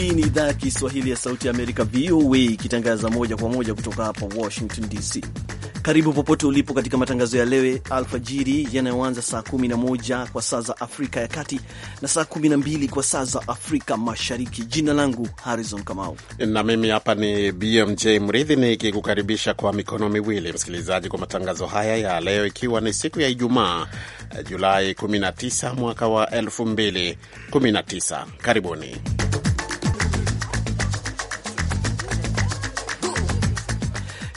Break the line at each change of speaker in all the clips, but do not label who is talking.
Hii ni idhaa ya Kiswahili ya Sauti ya Amerika, VOA, ikitangaza moja kwa moja kutoka hapa Washington DC. Karibu popote ulipo katika matangazo ya leo alfajiri yanayoanza saa 11 kwa saa za Afrika ya Kati na saa 12 kwa saa za Afrika Mashariki. Jina langu Harrison Kamau
na mimi hapa ni BMJ Mridhi nikikukaribisha kwa mikono miwili, msikilizaji, kwa matangazo haya ya leo, ikiwa ni siku ya Ijumaa eh, Julai 19 mwaka wa 2019. Karibuni.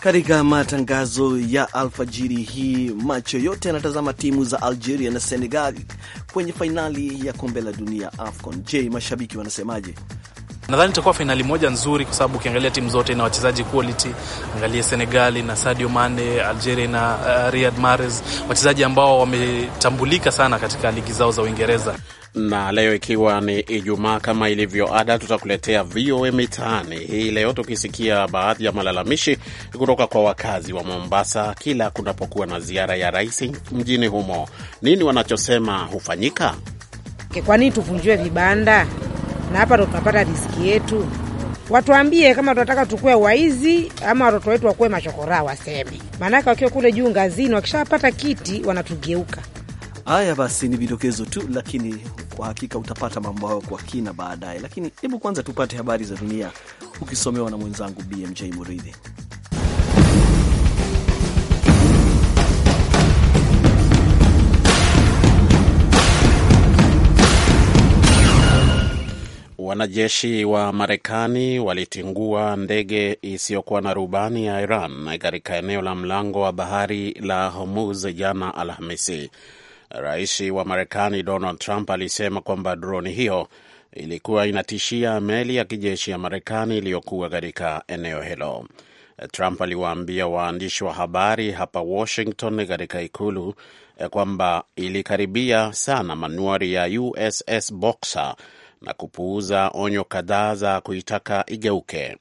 katika matangazo ya alfajiri hii, macho yote yanatazama timu za Algeria na Senegal kwenye fainali ya kombe la dunia AFCON. Je, mashabiki wanasemaje?
Nadhani itakuwa fainali moja nzuri, kwa sababu ukiangalia timu zote na wachezaji quality, angalie Senegali na Sadio Mane, Algeria na uh, Riyad Mahrez, wachezaji ambao wametambulika sana katika ligi zao za Uingereza.
Na leo ikiwa ni Ijumaa, kama ilivyo ada, tutakuletea VOA Mitaani hii leo, tukisikia baadhi ya malalamishi kutoka kwa wakazi wa Mombasa kila kunapokuwa na ziara ya rais mjini humo. Nini wanachosema hufanyika?
Kwa nini tuvunjiwe vibanda? na hapa ndo tunapata riziki yetu. Watuambie kama tunataka tukue waizi ama watoto wetu wakuwe machokoraa, waseme maanake, wakiwa kule juu ngazini, wakishapata kiti wanatugeuka.
Haya basi, ni vidokezo tu, lakini kwa hakika utapata mambo hayo kwa kina baadaye. Lakini hebu kwanza tupate habari za dunia ukisomewa na mwenzangu BMJ Muridhi.
Wanajeshi wa Marekani walitingua ndege isiyokuwa na rubani ya Iran katika eneo la mlango wa bahari la Hormuz jana Alhamisi. Rais wa Marekani Donald Trump alisema kwamba droni hiyo ilikuwa inatishia meli ya kijeshi ya Marekani iliyokuwa katika eneo hilo. Trump aliwaambia waandishi wa habari hapa Washington katika ikulu kwamba ilikaribia sana manuari ya USS Boxer na kupuuza onyo kadhaa za kuitaka igeuke.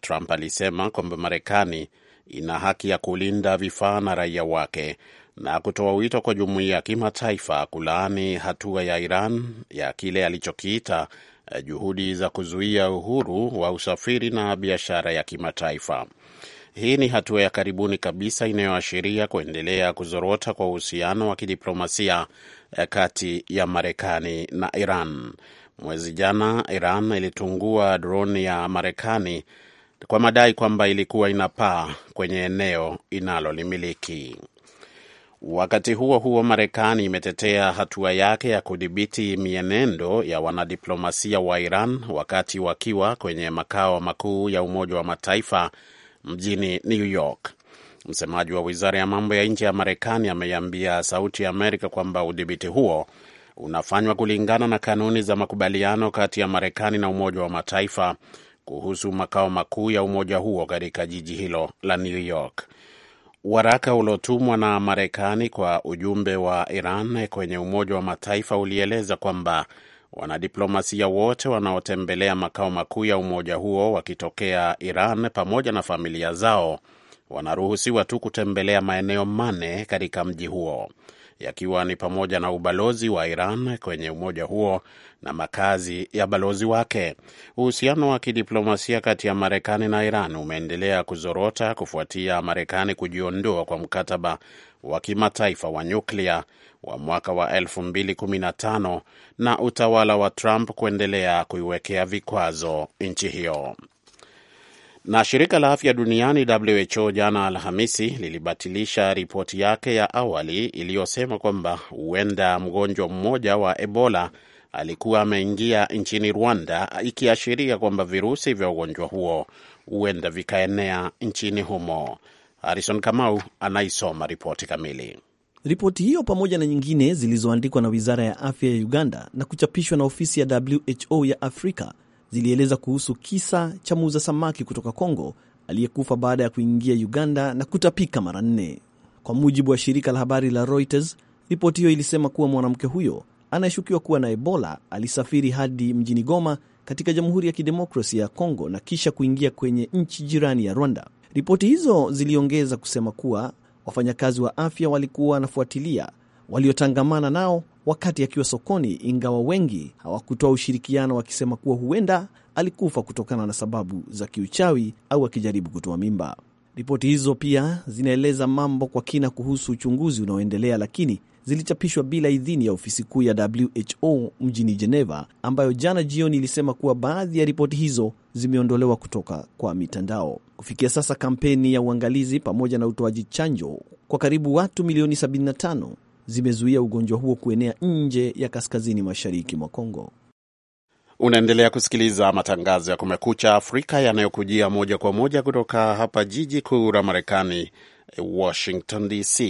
Trump alisema kwamba Marekani ina haki ya kulinda vifaa na raia wake na kutoa wito kwa jumuiya ya kimataifa kulaani hatua ya Iran ya kile alichokiita eh, juhudi za kuzuia uhuru wa usafiri na biashara ya kimataifa. Hii ni hatua ya karibuni kabisa inayoashiria kuendelea kuzorota kwa uhusiano wa kidiplomasia Eh, kati ya Marekani na Iran. Mwezi jana Iran ilitungua droni ya Marekani kwa madai kwamba ilikuwa inapaa kwenye eneo inalolimiliki. Wakati huo huo, Marekani imetetea hatua yake ya kudhibiti mienendo ya wanadiplomasia wa Iran wakati wakiwa kwenye makao makuu ya Umoja wa Mataifa mjini New York. Msemaji wa wizara ya mambo ya nje ya Marekani ameiambia Sauti ya Amerika kwamba udhibiti huo unafanywa kulingana na kanuni za makubaliano kati ya Marekani na Umoja wa Mataifa kuhusu makao makuu ya umoja huo katika jiji hilo la New York. Waraka uliotumwa na Marekani kwa ujumbe wa Iran kwenye Umoja wa Mataifa ulieleza kwamba wanadiplomasia wote wanaotembelea makao makuu ya umoja huo wakitokea Iran pamoja na familia zao wanaruhusiwa tu kutembelea maeneo mane katika mji huo yakiwa ni pamoja na ubalozi wa Iran kwenye umoja huo na makazi ya balozi wake. Uhusiano wa kidiplomasia kati ya Marekani na Iran umeendelea kuzorota kufuatia Marekani kujiondoa kwa mkataba wa kimataifa wa nyuklia wa mwaka wa 2015 na utawala wa Trump kuendelea kuiwekea vikwazo nchi hiyo. Na shirika la afya duniani WHO jana Alhamisi lilibatilisha ripoti yake ya awali iliyosema kwamba huenda mgonjwa mmoja wa Ebola alikuwa ameingia nchini Rwanda, ikiashiria kwamba virusi vya ugonjwa huo huenda vikaenea nchini humo. Harison Kamau anaisoma ripoti kamili.
Ripoti hiyo pamoja na nyingine zilizoandikwa na wizara ya afya ya Uganda na kuchapishwa na ofisi ya WHO ya Afrika zilieleza kuhusu kisa cha muuza samaki kutoka Kongo aliyekufa baada ya kuingia Uganda na kutapika mara nne. Kwa mujibu wa shirika la habari la Reuters, ripoti hiyo ilisema kuwa mwanamke huyo anayeshukiwa kuwa na Ebola alisafiri hadi mjini Goma katika Jamhuri ya Kidemokrasia ya Kongo na kisha kuingia kwenye nchi jirani ya Rwanda. Ripoti hizo ziliongeza kusema kuwa wafanyakazi wa afya walikuwa wanafuatilia waliotangamana nao wakati akiwa sokoni, ingawa wengi hawakutoa ushirikiano wakisema kuwa huenda alikufa kutokana na sababu za kiuchawi au akijaribu kutoa mimba. Ripoti hizo pia zinaeleza mambo kwa kina kuhusu uchunguzi unaoendelea, lakini zilichapishwa bila idhini ya ofisi kuu ya WHO mjini Geneva, ambayo jana jioni ilisema kuwa baadhi ya ripoti hizo zimeondolewa kutoka kwa mitandao. Kufikia sasa, kampeni ya uangalizi pamoja na utoaji chanjo kwa karibu watu milioni 75 zimezuia ugonjwa huo kuenea nje ya kaskazini mashariki mwa Kongo.
Unaendelea kusikiliza matangazo ya Kumekucha Afrika yanayokujia moja kwa moja kutoka hapa jiji kuu la Marekani, Washington DC.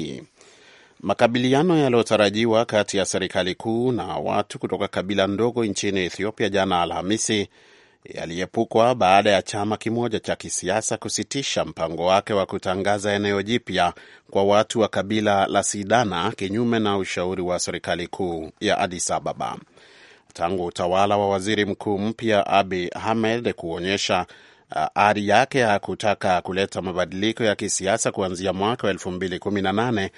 Makabiliano yaliyotarajiwa kati ya serikali kuu na watu kutoka kabila ndogo nchini Ethiopia jana Alhamisi yaliyepukwa baada ya chama kimoja cha kisiasa kusitisha mpango wake wa kutangaza eneo jipya kwa watu wa kabila la Sidana kinyume na ushauri wa serikali kuu ya Addis Ababa. Tangu utawala wa waziri mkuu mpya Abi Ahmed kuonyesha uh, ari yake ya kutaka kuleta mabadiliko ya kisiasa kuanzia mwaka wa 2018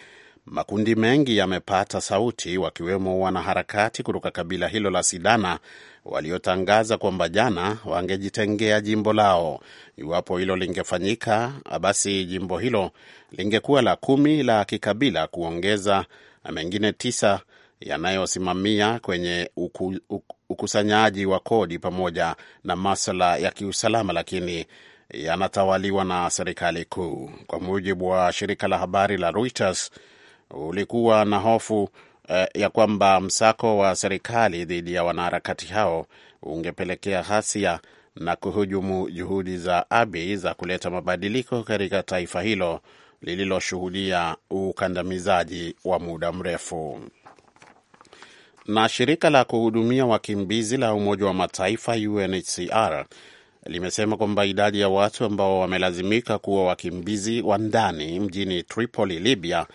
makundi mengi yamepata sauti, wakiwemo wanaharakati kutoka kabila hilo la Sidana waliotangaza kwamba jana wangejitengea jimbo lao. Iwapo hilo lingefanyika, basi jimbo hilo lingekuwa la kumi la kikabila, kuongeza mengine tisa yanayosimamia kwenye uku, uku, ukusanyaji wa kodi pamoja na maswala ya kiusalama, lakini yanatawaliwa na serikali kuu. Kwa mujibu wa shirika la habari la Reuters, ulikuwa na hofu eh, ya kwamba msako wa serikali dhidi ya wanaharakati hao ungepelekea ghasia na kuhujumu juhudi za Abiy za kuleta mabadiliko katika taifa hilo lililoshuhudia ukandamizaji wa muda mrefu. Na shirika la kuhudumia wakimbizi la Umoja wa Mataifa UNHCR limesema kwamba idadi ya watu ambao wamelazimika kuwa wakimbizi wa ndani mjini Tripoli, Libya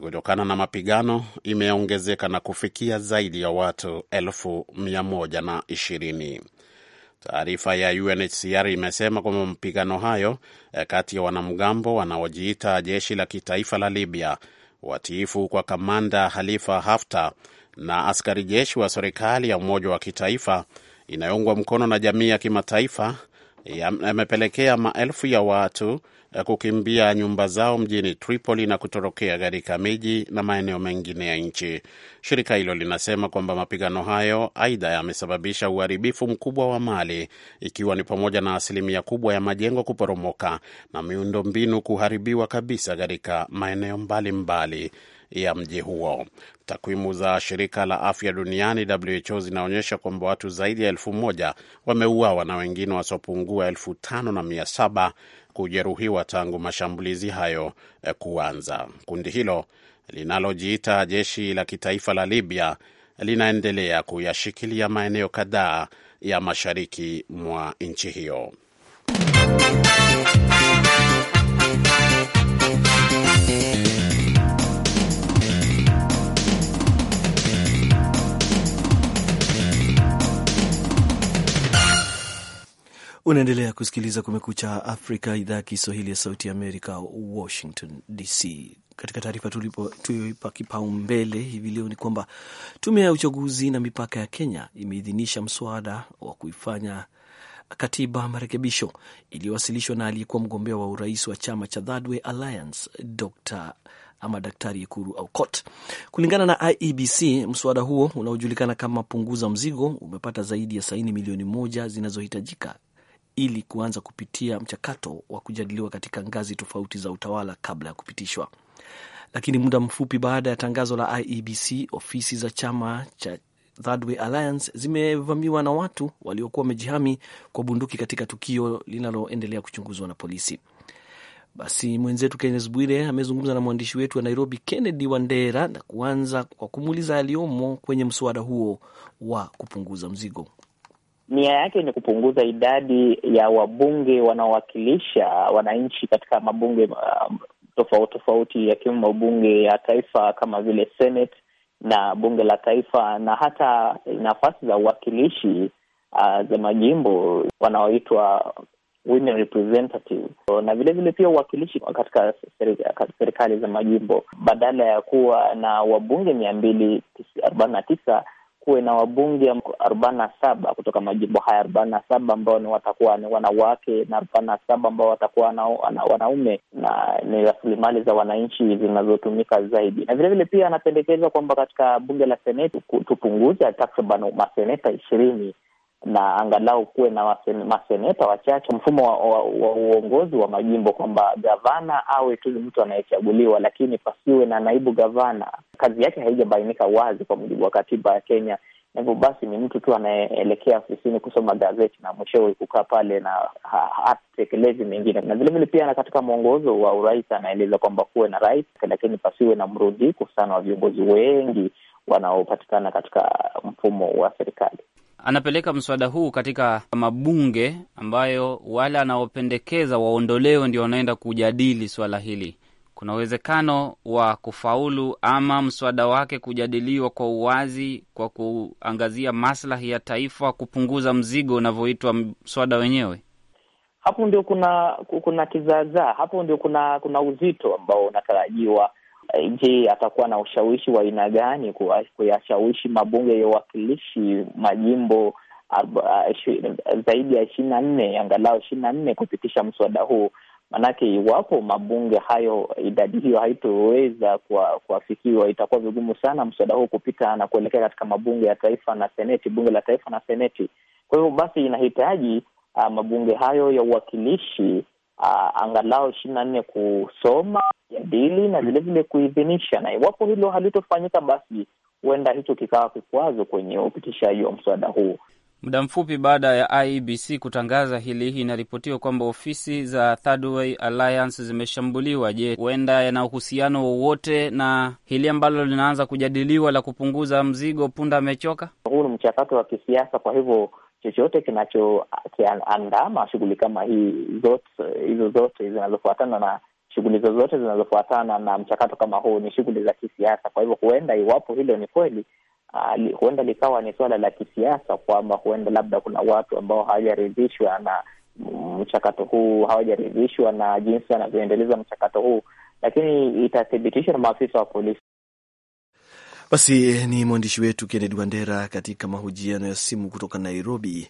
kutokana na mapigano imeongezeka na kufikia zaidi ya watu elfu mia moja na ishirini. Taarifa ya UNHCR imesema kwamba mapigano hayo eh, kati ya wanamgambo wanaojiita jeshi la kitaifa la Libya watiifu kwa kamanda halifa Haftar na askari jeshi wa serikali ya umoja wa kitaifa inayoungwa mkono na jamii ya kimataifa yamepelekea maelfu ya watu eh, kukimbia nyumba zao mjini Tripoli na kutorokea katika miji na maeneo mengine ya nchi. Shirika hilo linasema kwamba mapigano hayo aidha yamesababisha uharibifu mkubwa wa mali, ikiwa ni pamoja na asilimia kubwa ya majengo kuporomoka na miundombinu kuharibiwa kabisa katika maeneo mbalimbali mbali ya mji huo. Takwimu za shirika la afya duniani WHO zinaonyesha kwamba watu zaidi ya elfu moja wameuawa na wengine wasiopungua elfu tano na mia saba kujeruhiwa tangu mashambulizi hayo eh, kuanza. Kundi hilo linalojiita jeshi la kitaifa la Libya linaendelea kuyashikilia maeneo kadhaa ya mashariki mwa nchi hiyo.
Unaendelea kusikiliza Kumekucha Afrika, idhaa ya Kiswahili ya Sauti ya Amerika, Washington DC. Katika taarifa tuliyoipa kipaumbele hivi leo ni kwamba tume ya uchaguzi na mipaka ya Kenya imeidhinisha mswada wa kuifanya katiba marekebisho iliyowasilishwa na aliyekuwa mgombea wa urais wa chama cha Thirdway Alliance Dr ama Daktari Ekuru Aukot. Kulingana na IEBC, mswada huo unaojulikana kama punguza mzigo umepata zaidi ya saini milioni moja zinazohitajika ili kuanza kupitia mchakato wa kujadiliwa katika ngazi tofauti za utawala kabla ya kupitishwa. Lakini muda mfupi baada ya tangazo la IEBC, ofisi za chama cha Third Way Alliance zimevamiwa na watu waliokuwa wamejihami kwa bunduki katika tukio linaloendelea kuchunguzwa na polisi. Basi mwenzetu Kennes Bwire amezungumza na mwandishi wetu wa Nairobi, Kennedy Wandera, na kuanza kwa kumuuliza yaliyomo kwenye mswada huo wa kupunguza mzigo
nia yake ni kupunguza idadi ya wabunge wanaowakilisha wananchi katika mabunge uh, tofauti tofauti, yakiwemo mabunge ya taifa kama vile Senate na bunge la taifa na hata nafasi za uwakilishi uh, za majimbo wanaoitwa women representative na vilevile pia uwakilishi katika serikali za majimbo. Badala ya kuwa na wabunge mia mbili arobaini na tisa kuwe na wabunge arobaini na saba kutoka majimbo haya arobaini na saba ambao ni watakuwa ni wanawake na arobaini na saba ambao watakuwa na, wanaume na ni rasilimali za wananchi zinazotumika zaidi. Na vilevile pia anapendekeza kwamba katika bunge la seneti tupunguze takriban maseneta ishirini na angalau kuwe na maseneta wachache, mfumo wa, wa, wa uongozi wa majimbo kwamba gavana awe tu ni mtu anayechaguliwa, lakini pasiwe na naibu gavana. Kazi yake haijabainika wazi kwa mujibu wa katiba ya Kenya. Hivyo basi ni mtu tu anayeelekea ofisini kusoma gazeti na mwishowe kukaa pale na hatekelezi ha, mengine. Na vilevile pia na katika mwongozo wa urais anaeleza kwamba kuwe na rais, lakini pasiwe na mrundiko sana wa viongozi wengi wanaopatikana katika mfumo wa serikali
anapeleka mswada huu katika mabunge ambayo wale anaopendekeza waondolewe ndio wanaenda kujadili swala hili. Kuna uwezekano wa kufaulu ama mswada wake kujadiliwa kwa uwazi, kwa kuangazia maslahi ya taifa, kupunguza mzigo unavyoitwa mswada wenyewe.
Hapo ndio kuna kuna kizaazaa, hapo ndio kuna kuna uzito ambao unatarajiwa Eh, je, atakuwa na ushawishi wa aina gani kuyashawishi mabunge ya uwakilishi majimbo eh, zaidi ya ishirini na nne angalau ishirini na nne kupitisha mswada huu? Maanake iwapo mabunge hayo idadi hiyo haitoweza kuafikiwa, itakuwa vigumu sana mswada huu kupita na kuelekea katika mabunge ya taifa na seneti, bunge la taifa na seneti. Kwa hivyo basi inahitaji ah, mabunge hayo ya uwakilishi uh, angalau ishirini na nne kusoma, kujadili na vilevile kuidhinisha, na iwapo hilo halitofanyika basi huenda hicho kikawa kikwazo kwenye upitishaji wa mswada huu.
Muda mfupi baada ya IEBC kutangaza hili, inaripotiwa kwamba ofisi za Third Way Alliance zimeshambuliwa. Je, huenda yana uhusiano wowote na hili ambalo linaanza kujadiliwa la kupunguza mzigo punda amechoka?
Huu ni mchakato wa kisiasa, kwa hivyo chochote kinachoandama shughuli kama hii zote hizo zote zinazofuatana na shughuli zozote zinazofuatana na mchakato kama huu ni shughuli za kisiasa. Kwa hivyo, huenda iwapo hilo ni kweli, uh, huenda likawa ni suala la kisiasa, kwamba huenda labda kuna watu ambao hawajaridhishwa na mchakato huu, hawajaridhishwa na jinsi anavyoendeleza mchakato huu, lakini itathibitishwa na maafisa wa polisi.
Basi eh, ni mwandishi wetu Kennedy Wandera katika mahojiano ya simu kutoka Nairobi.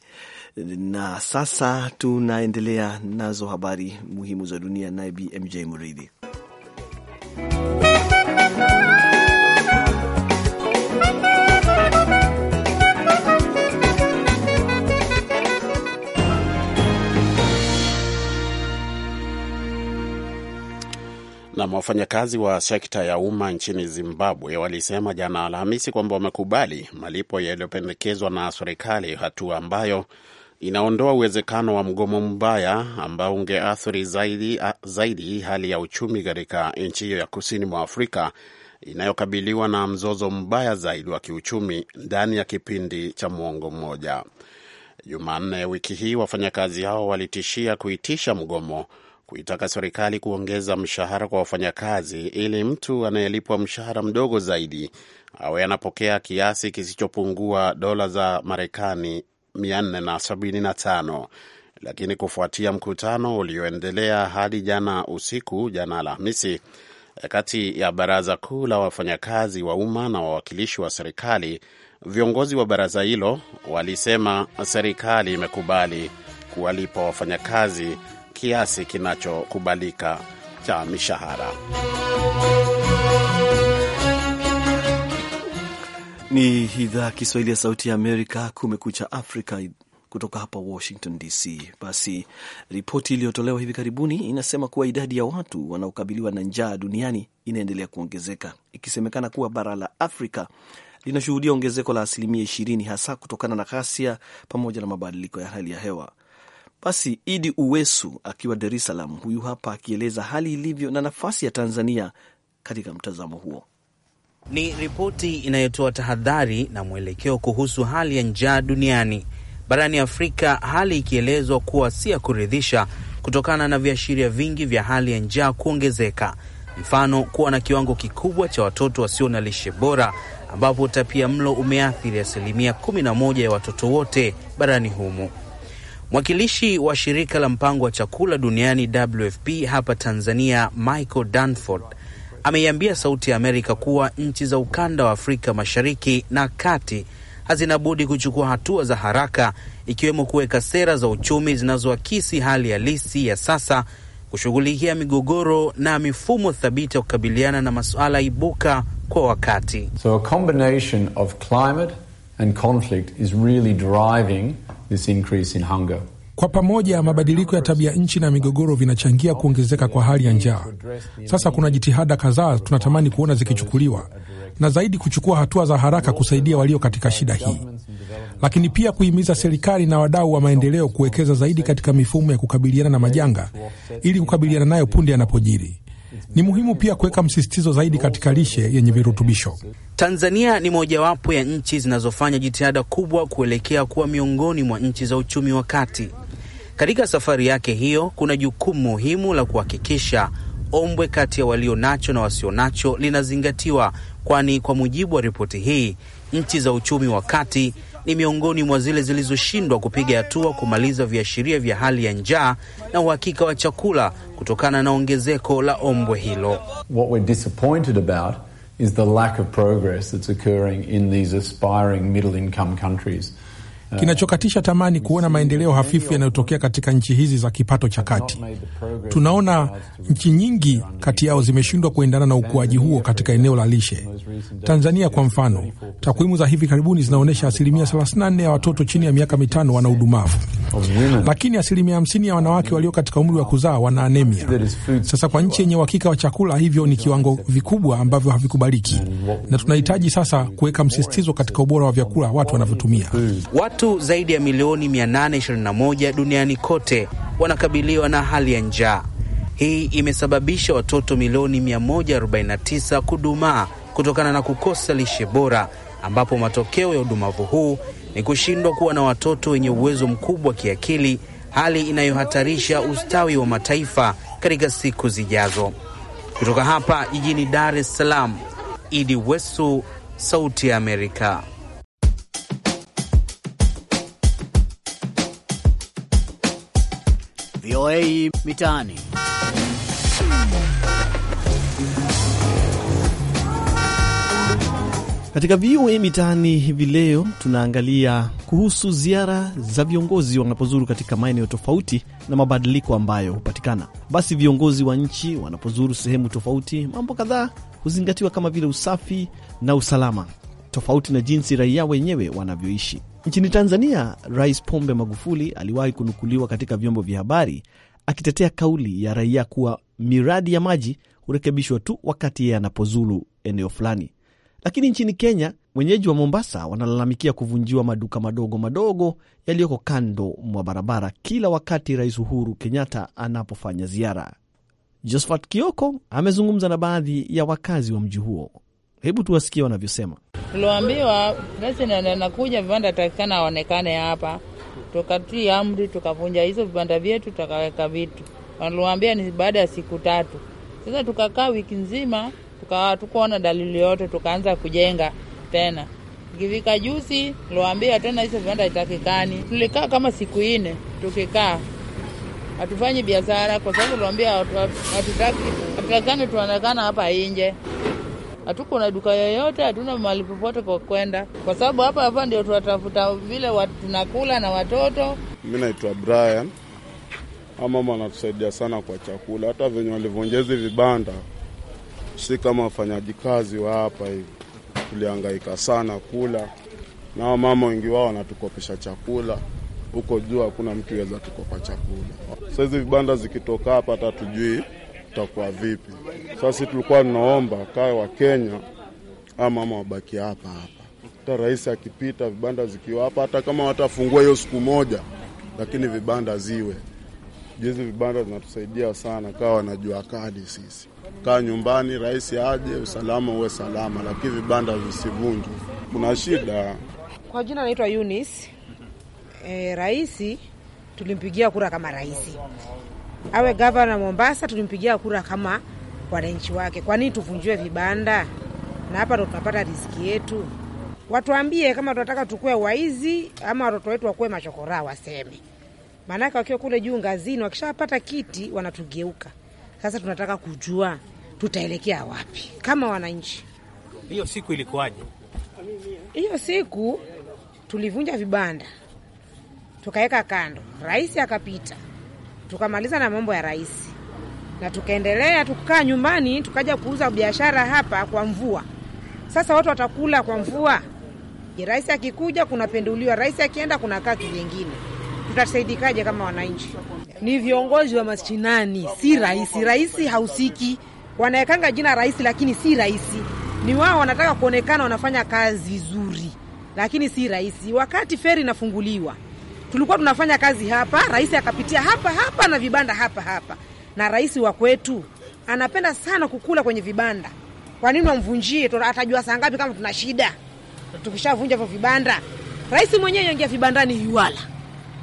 Na sasa tunaendelea nazo habari muhimu za dunia, naye BMJ Muridhi.
Na wafanyakazi wa sekta ya umma nchini Zimbabwe walisema jana Alhamisi kwamba wamekubali malipo yaliyopendekezwa na serikali, hatua ambayo inaondoa uwezekano wa mgomo mbaya ambao ungeathiri zaidi, zaidi hali ya uchumi katika nchi hiyo ya kusini mwa Afrika inayokabiliwa na mzozo mbaya zaidi wa kiuchumi ndani ya kipindi cha mwongo mmoja. Jumanne wiki hii wafanyakazi hao walitishia kuitisha mgomo kuitaka serikali kuongeza mshahara kwa wafanyakazi ili mtu anayelipwa mshahara mdogo zaidi awe anapokea kiasi kisichopungua dola za Marekani 475 lakini kufuatia mkutano ulioendelea hadi jana usiku, jana Alhamisi, kati ya baraza kuu la wafanyakazi wa umma na wawakilishi wa serikali, viongozi wa baraza hilo walisema serikali imekubali kuwalipa wafanyakazi kiasi kinachokubalika cha mishahara.
Ni idhaa ya Kiswahili ya Sauti ya Amerika, Kumekucha Afrika, kutoka hapa Washington DC. Basi ripoti iliyotolewa hivi karibuni inasema kuwa idadi ya watu wanaokabiliwa na njaa duniani inaendelea kuongezeka, ikisemekana kuwa bara la Afrika linashuhudia ongezeko la asilimia ishirini hasa kutokana na ghasia pamoja na mabadiliko ya hali ya hewa. Basi Idi Uwesu akiwa Dar es Salaam, huyu hapa akieleza hali ilivyo na nafasi ya Tanzania katika mtazamo huo.
Ni ripoti inayotoa tahadhari na mwelekeo kuhusu hali ya njaa duniani. Barani Afrika, hali ikielezwa kuwa si ya kuridhisha kutokana na viashiria vingi vya hali ya njaa kuongezeka, mfano kuwa na kiwango kikubwa cha watoto wasio na lishe bora, ambapo utapia mlo umeathiri asilimia 11 ya watoto wote barani humo. Mwakilishi wa shirika la mpango wa chakula duniani WFP hapa Tanzania, Michael Danford ameiambia Sauti ya Amerika kuwa nchi za ukanda wa Afrika Mashariki na Kati hazina budi kuchukua hatua za haraka ikiwemo kuweka sera za uchumi zinazoakisi hali halisi ya sasa, kushughulikia migogoro na mifumo thabiti ya kukabiliana na masuala ibuka kwa wakati.
So a combination of climate and conflict is really driving this increase in hunger. Kwa pamoja mabadiliko ya tabia nchi na migogoro vinachangia kuongezeka kwa hali ya njaa. Sasa kuna jitihada kadhaa tunatamani kuona zikichukuliwa, na zaidi kuchukua hatua za haraka kusaidia walio katika shida hii, lakini pia kuhimiza serikali na wadau wa maendeleo kuwekeza zaidi katika mifumo ya kukabiliana na majanga ili kukabiliana nayo punde yanapojiri. Ni muhimu pia kuweka msisitizo zaidi katika lishe yenye virutubisho.
Tanzania ni mojawapo ya nchi zinazofanya jitihada kubwa kuelekea kuwa miongoni mwa nchi za uchumi wa kati. Katika safari yake hiyo, kuna jukumu muhimu la kuhakikisha ombwe kati ya walio nacho na wasio nacho linazingatiwa, kwani kwa mujibu wa ripoti hii, nchi za uchumi wa kati ni miongoni mwa zile zilizoshindwa kupiga hatua kumaliza viashiria vya hali ya njaa na uhakika wa chakula kutokana na
ongezeko la ombwe hilo. What we're disappointed about is the lack of progress that's occurring in these aspiring middle income countries. Kinachokatisha tamani kuona maendeleo hafifu yanayotokea katika nchi hizi za kipato cha kati. Tunaona nchi nyingi kati yao zimeshindwa kuendana na ukuaji huo katika eneo la lishe. Tanzania kwa mfano, takwimu za hivi karibuni zinaonyesha asilimia 34 ya watoto chini ya miaka mitano wana udumavu, lakini asilimia 50 ya wanawake walio katika umri wa kuzaa wana anemia. Sasa kwa nchi yenye uhakika wa chakula, hivyo ni kiwango vikubwa ambavyo havikubaliki, na tunahitaji sasa kuweka msisitizo katika ubora wa vyakula watu wanavyotumia.
What Watu zaidi ya milioni 821 duniani kote wanakabiliwa na hali ya njaa. Hii imesababisha watoto milioni 149 kudumaa kutokana na kukosa lishe bora, ambapo matokeo ya udumavu huu ni kushindwa kuwa na watoto wenye uwezo mkubwa kiakili, hali inayohatarisha ustawi wa mataifa katika siku zijazo. Kutoka hapa jijini Dar es Salaam, Idi Wesu, Sauti ya Amerika. VOA Mitaani.
Katika VOA Mitaani hivi leo tunaangalia kuhusu ziara za viongozi wanapozuru katika maeneo tofauti na mabadiliko ambayo hupatikana. Basi viongozi wa nchi wanapozuru sehemu tofauti, mambo kadhaa huzingatiwa kama vile usafi na usalama, tofauti na jinsi raia wenyewe wanavyoishi. Nchini Tanzania, Rais Pombe Magufuli aliwahi kunukuliwa katika vyombo vya habari akitetea kauli ya raia kuwa miradi ya maji hurekebishwa tu wakati yeye anapozulu eneo fulani. Lakini nchini Kenya, wenyeji wa Mombasa wanalalamikia kuvunjiwa maduka madogo madogo yaliyoko kando mwa barabara kila wakati Rais Uhuru Kenyatta anapofanya ziara. Josphat Kioko amezungumza na baadhi ya wakazi wa mji huo Hebu tuwasikie wanavyosema.
Tuliambiwa president anakuja, vibanda takikana aonekane hapa, tukatii amri, tukavunja hizo vibanda vyetu, tukaweka vitu. Waliwaambia ni baada ya siku tatu. Sasa tukakaa wiki nzima, tukatukuona dalili yote, tukaanza kujenga tena. Kivika juzi liwaambia tena hizo vibanda itakikani. Tulikaa kama siku nne tukikaa hatufanyi biashara kwa sababu liwaambia hatutakani tuonekana hapa nje hatuko na duka yoyote, hatuna mahali popote pa kwenda, kwa sababu hapa hapa ndio tunatafuta vile tunakula na watoto.
Mi naitwa Brian. Mama anatusaidia sana kwa chakula, hata venye walivonjezi vibanda, si kama wafanyaji kazi wa hapa hivi, tulihangaika sana kula na mama wengi wao wanatukopesha chakula huko juu, hakuna mtu weza tukopa chakula. Saizi vibanda zikitoka hapa, hata tujui tutakuwa vipi? Sasa tulikuwa tunaomba kae wa Kenya ama ama wabaki hapa hapa, hata rais akipita, vibanda zikiwa hapa, hata kama watafungua hiyo siku moja, lakini vibanda ziwe Jizi vibanda zinatusaidia sana, kawa wanajua kadi sisi, kaa nyumbani, rais aje, usalama uwe salama, lakini vibanda visivunjwe. Kuna shida.
Kwa jina naitwa Yunis. E, eh, rais tulimpigia kura kama rais awe gavana Mombasa, tulimpigia kura kama wananchi wake. Kwa nini tuvunjiwe vibanda? Na hapa ndo tunapata riziki yetu. Watuambie kama tunataka tukue waizi ama watoto wetu wakuwe machokoraa, waseme. Maanake wakiwa kule juu ngazini, wakishapata kiti wanatugeuka. Sasa tunataka kujua tutaelekea wapi kama wananchi.
Hiyo siku ilikuwaje?
Hiyo siku tulivunja vibanda tukaweka kando, rais akapita tukamaliza na mambo ya rais na tukaendelea tukaa nyumbani, tukaja kuuza biashara hapa kwa mvua. Sasa watu watakula kwa mvua? Rais akikuja kunapenduliwa, rais akienda kuna kaa kijengine. Tutasaidikaje kama wananchi? Ni viongozi wa mashinani, si rais. Rais hausiki, wanaekanga jina rais, lakini si rais. Ni wao wanataka kuonekana wanafanya kazi zuri lakini si rais. Wakati feri inafunguliwa tulikuwa tunafanya kazi hapa, rais akapitia hapa hapa na vibanda hapa hapa, na rais wa kwetu anapenda sana kukula kwenye vibanda. Kwa nini wamvunjie? Atajua saa ngapi kama tuna shida? Tukishavunja hivyo vibanda, rais mwenyewe aingia vibandani yuwala,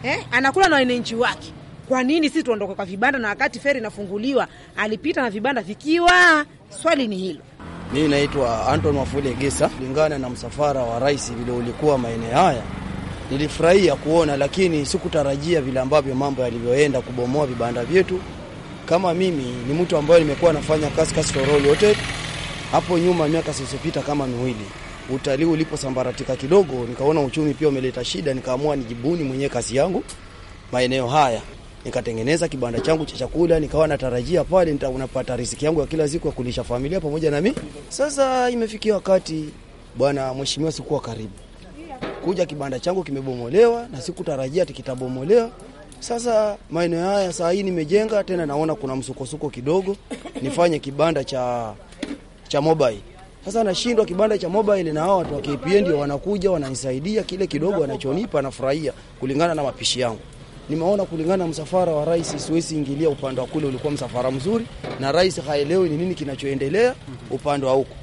eh, anakula na wananchi wake. Kwa nini sisi tuondoke kwa vibanda, na wakati feri inafunguliwa alipita na vibanda vikiwa? Swali ni hilo.
Mimi naitwa Anton Mafule Gisa. Kulingana na msafara wa rais vile ulikuwa maeneo haya nilifurahia kuona, lakini sikutarajia vile ambavyo mambo yalivyoenda kubomoa vibanda vyetu. Kama mimi ni mtu ambaye nimekuwa nafanya kazi Caskasi for All Hotel hapo nyuma, miaka zilizopita kama miwili, utalii uliposambaratika kidogo, nikaona uchumi pia umeleta shida, nikaamua nijibuni mwenyewe kazi yangu maeneo haya nikatengeneza kibanda changu cha chakula, nikawa natarajia pale nitapata riziki yangu ya kila siku ya kulisha familia pamoja na mimi. Sasa imefikia wakati bwana mheshimiwa, sikuwa karibu nimekuja kibanda changu kimebomolewa na sikutarajia tikitabomolewa. Sasa maeneo haya saa hii nimejenga tena, naona kuna msukosuko kidogo, nifanye kibanda cha cha mobile. Sasa nashindwa kibanda cha mobile, na hao watu wa KPN ndio wanakuja wananisaidia kile kidogo wanachonipa, nafurahia kulingana na mapishi yangu. Nimeona kulingana na msafara wa rais, siwezi ingilia upande wa kule, ulikuwa msafara mzuri, na rais haelewi ni nini kinachoendelea upande wa huko.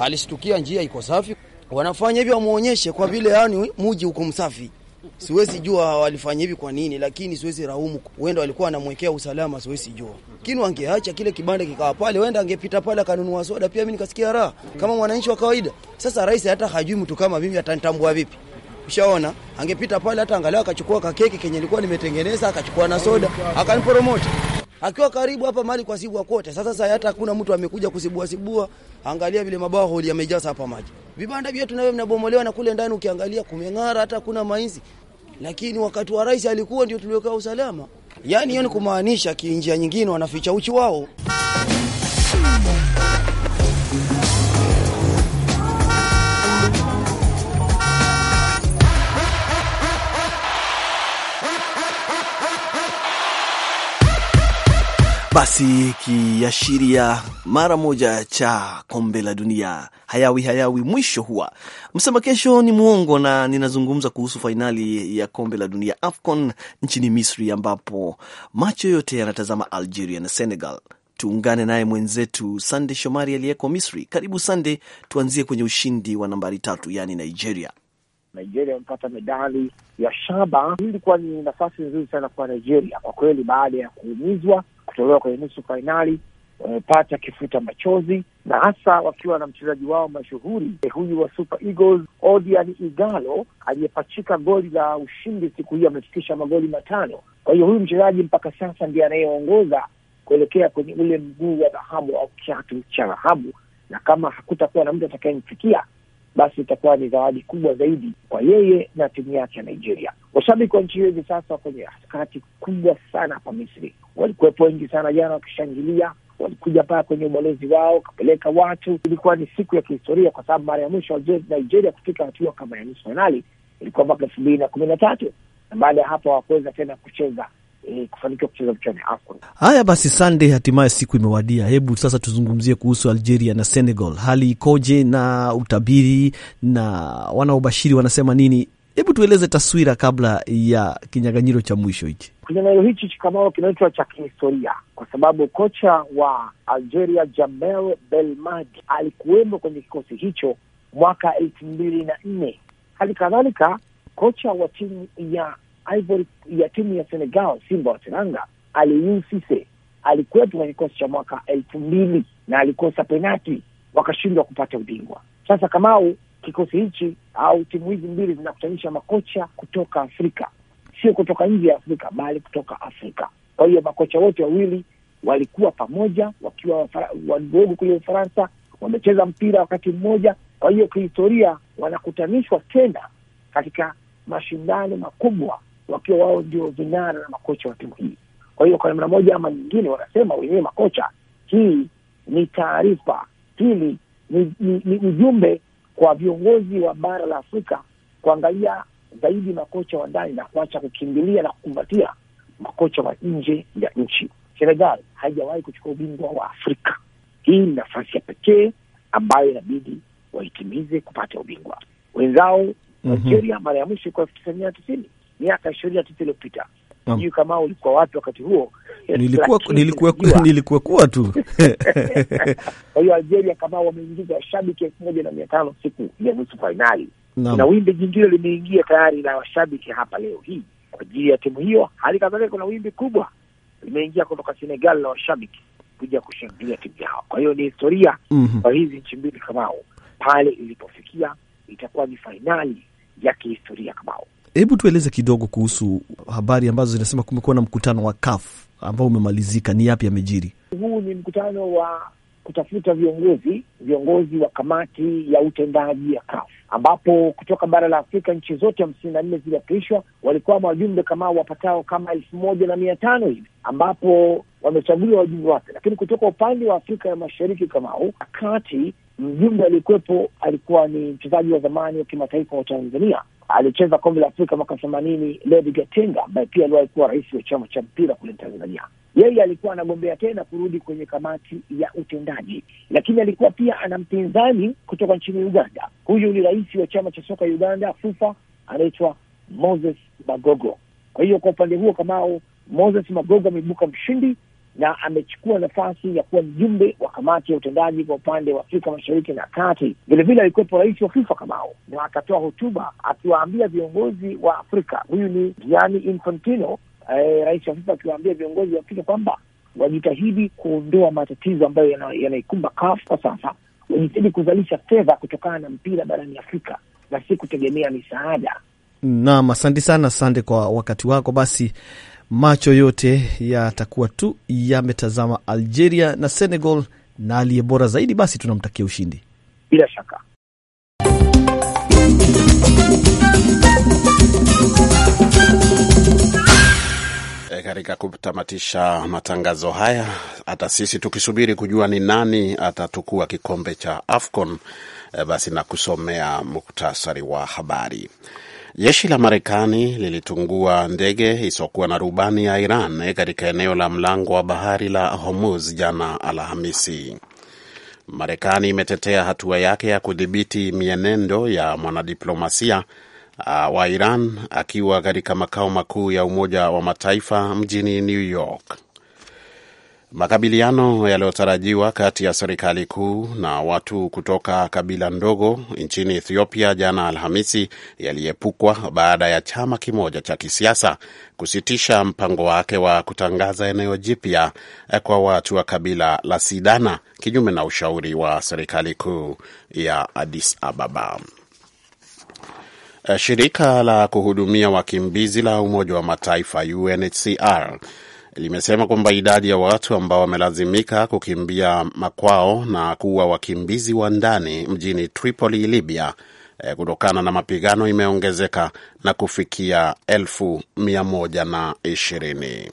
Alishtukia njia iko safi wanafanya hivi wamuonyeshe, kwa vile yani muji uko msafi. Siwezi jua walifanya hivi kwa nini, lakini siwezi raumu, wenda walikuwa anamwekea usalama, siwezi jua. Lakini wangeacha kile kibanda kikawa pale, wenda angepita pale akanunua soda, pia mimi nikasikia raha kama mwananchi wa kawaida. Sasa rais hata hajui mtu kama mimi atanitambua vipi? Ushaona, angepita pale hata angalau akachukua kakeki kenye nilikuwa nimetengeneza, akachukua na soda, akanipromote akiwa karibu hapa mali kwa sibwa kote. Sasa sasa hata kuna mtu amekuja kusibua sibua, angalia vile mabawa holi yamejaza hapa maji. Vibanda vyetu nawe mnabomolewa na kule ndani ukiangalia kumeng'ara, hata kuna mainzi. Lakini wakati wa rais alikuwa ndio tuliweka usalama. Yaani hiyo ni kumaanisha kiinjia nyingine wanaficha uchi wao.
basi kiashiria mara moja cha kombe la dunia. Hayawi hayawi mwisho huwa msema kesho ni mwongo, na ninazungumza kuhusu fainali ya kombe la dunia AFCON nchini Misri, ambapo macho yote yanatazama Algeria na Senegal. Tuungane naye mwenzetu Sande Shomari aliyeko Misri. Karibu Sande, tuanzie kwenye ushindi wa nambari tatu, yaani Nigeria.
Nigeria amepata medali ya shaba. Hii ilikuwa ni nafasi nzuri sana kwa Nigeria kwa kweli, baada ya kuumizwa kutolewa kwenye nusu fainali wamepata eh, kifuta machozi, na hasa wakiwa na mchezaji wao mashuhuri eh, huyu wa Super Eagles Odian Igalo aliyepachika goli la ushindi siku hii, amefikisha magoli matano. Kwa hiyo huyu mchezaji mpaka sasa ndiye anayeongoza kuelekea kwenye ule mguu wa dhahabu au kiatu cha dhahabu, na kama hakutakuwa na mtu atakayemfikia basi itakuwa ni zawadi kubwa zaidi kwa yeye na timu yake ya Nigeria. Washabiki wa nchi hiyo hivi sasa kwenye harakati kubwa sana hapa Misri, walikuwepo wengi sana jana wakishangilia, walikuja mpaka kwenye ubalozi wao wakapeleka watu. Ilikuwa ni siku ya kihistoria kwa sababu mara ya mwisho Nigeria kufika hatua kama ya nusu fainali ilikuwa mwaka elfu mbili na kumi na tatu na baada ya hapo hawakuweza tena kucheza e, kufanikiwa kucheza mchana AFCON.
Haya basi, Sunday, hatimaye siku imewadia. Hebu sasa tuzungumzie kuhusu Algeria na Senegal, hali ikoje na utabiri na wanaobashiri wanasema nini? Hebu tueleze taswira kabla ya kinyang'anyiro cha mwisho hichi.
Kinyang'anyiro hichi chikamao kinaitwa cha kihistoria kwa sababu kocha wa Algeria Jamel Belmadi alikuwemo kwenye kikosi hicho mwaka elfu mbili na nne. Hali kadhalika kocha wa timu ya Ivory ya timu ya Senegal Simba wa Teranga Aliou alikuwepo kwenye kikosi cha mwaka elfu mbili na alikosa penati wakashindwa kupata ubingwa. Sasa Kamau, kikosi hichi au timu hizi mbili zinakutanisha makocha kutoka Afrika sio kutoka nje ya Afrika bali kutoka Afrika. Kwa hiyo makocha wote wawili walikuwa pamoja wakiwa wadogo kule Ufaransa, wamecheza mpira wakati mmoja. Kwa hiyo kihistoria wanakutanishwa tena katika mashindano makubwa wakiwa wao ndio vinara na makocha wa timu hii. Kwa hiyo kwa namna moja ama nyingine, wanasema wenyewe makocha, hii ni taarifa, hili ni, ni, ni ujumbe kwa viongozi wa bara la Afrika kuangalia zaidi makocha wa ndani na kuacha kukimbilia na kukumbatia makocha wa nje ya nchi. Senegal haijawahi kuchukua ubingwa wa Afrika. Hii ni nafasi ya pekee ambayo inabidi waitimize kupata ubingwa. Wenzao mhm. Nigeria mm -hmm. mara ya mwisho ilikuwa elfu tisa mia tisini miaka ishirini na tisa iliyopita. Sijui kama ulikuwa wapi wakati huo,
nilikuwa kuwa tu.
Kwa hiyo Algeria kama wameingiza shabiki elfu moja na mia tano siku ya nusu fainali na wimbi jingine limeingia tayari la washabiki hapa leo hii kwa ajili ya timu hiyo. Hali kadhalika kuna wimbi kubwa limeingia kutoka Senegal la washabiki kuja kushangilia timu yao. Kwa hiyo ni historia mm -hmm. kwa hizi nchi mbili kamao, pale ilipofikia itakuwa ni fainali ya kihistoria kamao.
Hebu tueleze kidogo kuhusu habari ambazo zinasema kumekuwa na mkutano wa CAF ambao umemalizika. Ni yapi yamejiri?
Huu ni mkutano wa kutafuta viongozi viongozi wa kamati ya utendaji ya kaf ambapo kutoka bara la Afrika nchi zote hamsini na nne ziliwakilishwa, walikuwama wajumbe kama wapatao kama elfu moja na mia tano hivi ambapo wamechaguliwa wajumbe wake Lakini kutoka upande wa Afrika ya Mashariki Kamau, wakati mjumbe aliyekuwepo alikuwa ni mchezaji wa zamani wa kimataifa wa Tanzania alicheza kombe la Afrika mwaka themanini, Ledi Gatenga ambaye pia aliwahi kuwa rais wa chama cha mpira kule Tanzania yeye alikuwa anagombea tena kurudi kwenye kamati ya utendaji, lakini alikuwa pia ana mpinzani kutoka nchini Uganda. Huyu ni rais wa chama cha soka Uganda, FUFA, anaitwa Moses Magogo. Kwa hiyo kwa upande huo kamao, Moses Magogo ameibuka mshindi na amechukua nafasi ya kuwa mjumbe wa kamati ya utendaji kwa upande wa Afrika Mashariki na Kati. Vilevile alikuwepo rais wa FIFA kamao, na akatoa hotuba akiwaambia viongozi wa Afrika. Huyu ni Gianni Infantino eh, rais wa FIFA akiwaambia viongozi wa Afrika kwamba wajitahidi kuondoa matatizo ambayo yanaikumba yana CAF kwa sasa, wajitahidi kuzalisha fedha kutokana na mpira barani Afrika na si kutegemea misaada.
Naam, asante sana, asante kwa wakati wako. Basi macho yote yatakuwa tu yametazama Algeria na Senegal, na aliye bora zaidi basi tunamtakia ushindi bila shaka.
katika kutamatisha matangazo haya, hata sisi tukisubiri kujua ni nani atatukua kikombe cha AFCON, eh, basi na kusomea muktasari wa habari. Jeshi la Marekani lilitungua ndege isiyokuwa na rubani ya Iran eh, katika eneo la mlango wa bahari la Hormuz jana Alhamisi. Marekani imetetea hatua yake ya kudhibiti mienendo ya mwanadiplomasia Ah, wa Iran akiwa katika makao makuu ya Umoja wa Mataifa mjini New York. Makabiliano yaliyotarajiwa kati ya serikali kuu na watu kutoka kabila ndogo nchini Ethiopia jana Alhamisi yaliepukwa baada ya chama kimoja cha kisiasa kusitisha mpango wake wa kutangaza eneo jipya eh, kwa watu wa kabila la Sidana, kinyume na ushauri wa serikali kuu ya Addis Ababa. Eh, shirika la kuhudumia wakimbizi la Umoja wa Mataifa UNHCR limesema kwamba idadi ya watu ambao wamelazimika kukimbia makwao na kuwa wakimbizi wa ndani mjini Tripoli, Libya, eh, kutokana na mapigano imeongezeka na kufikia elfu mia moja na ishirini.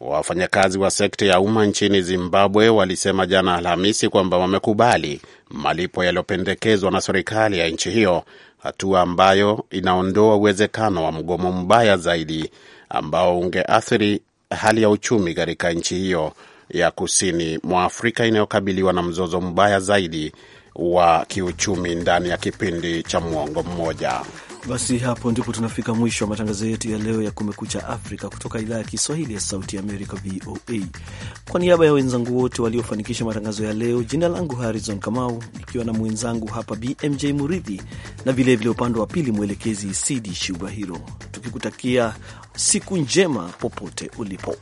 Wafanyakazi wa sekta ya umma nchini Zimbabwe walisema jana Alhamisi kwamba wamekubali malipo yaliyopendekezwa na serikali ya nchi hiyo hatua ambayo inaondoa uwezekano wa mgomo mbaya zaidi ambao ungeathiri hali ya uchumi katika nchi hiyo ya kusini mwa Afrika inayokabiliwa na mzozo mbaya zaidi wa kiuchumi ndani ya kipindi cha mwongo mmoja.
Basi hapo ndipo tunafika mwisho wa matangazo yetu ya leo ya Kumekucha Afrika kutoka idhaa ya Kiswahili ya Sauti ya Amerika, VOA. Kwa niaba ya wenzangu wote waliofanikisha matangazo ya leo, jina langu Harrison Kamau, ikiwa na mwenzangu hapa BMJ Muridhi, na vilevile upande wa pili mwelekezi Sidi Shubahiro, tukikutakia siku njema popote ulipo.